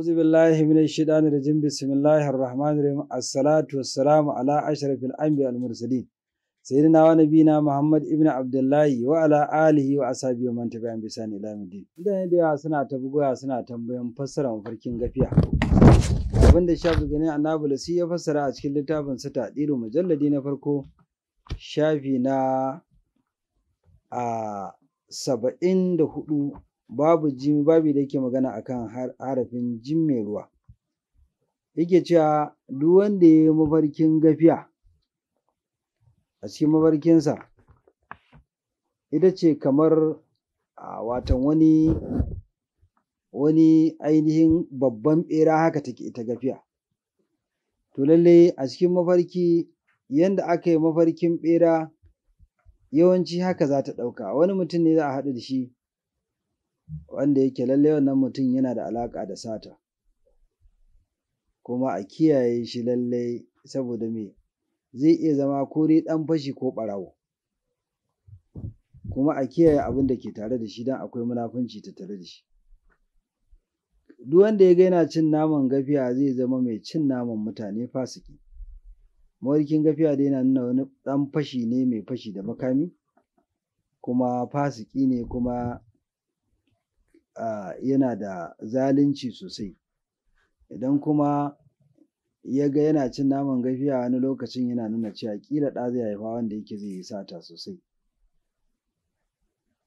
أعوذ بالله من الشيطان الرجيم بسم الله الرحمن الرحيم الصلاة والسلام على أشرف الأنبياء المرسلين سيدنا ونبينا محمد ابن عبد الله وعلى آله وأصحابه ومن تبعهم بإحسان إلى يوم الدين. mutane da yawa suna ta bugowa suna tambayan fassara mafarkin gafiya abin da shafi gani annabi sai ya fassara a cikin littafin sa tadiru mujalladi na farko shafi na a saba'in da hudu babu jim babu da yake magana akan harafin jim mai ruwa yake cewa duk wanda ya yi mafarkin gafiya a cikin mafarkinsa ita ce kamar a watan wani ainihin babban ɓera haka take ita gafiya to lallai, a cikin mafarki yanda aka yi mafarkin ɓera yawanci haka za ta ɗauka wani mutum ne za a haɗu da shi wanda yake lallai wannan mutum yana da alaƙa da sata kuma a kiyaye shi lallai saboda me zai iya zama ko dai ɗan fashi ko ɓarawo kuma a kiyaye abin da ke tare da shi don akwai munafunci tare da shi duk wanda ya ga yana cin naman gafiya zai zama mai cin naman mutane fasiki mawarkin gafiya dai yana nuna wani ɗan fashi ne mai fashi da makami kuma fasiki ne kuma yana da zalunci sosai idan kuma ya ga yana cin naman gafiya wani lokacin yana nuna cewa kila ɗa zai haifa wanda yake zai yi sata sosai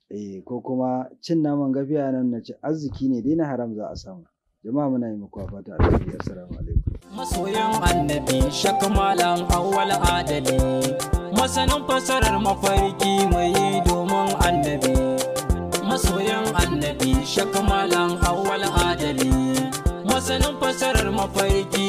eh ko kuma cin naman gafiya nan na ci arziki ne dai na haram za a samu jama'a muna yi muku fata alheri assalamu alaikum masoyan annabi shakmalan awwal adali masanin fasarar mafarki shakamalan awwal adali masanin fasarar mafarki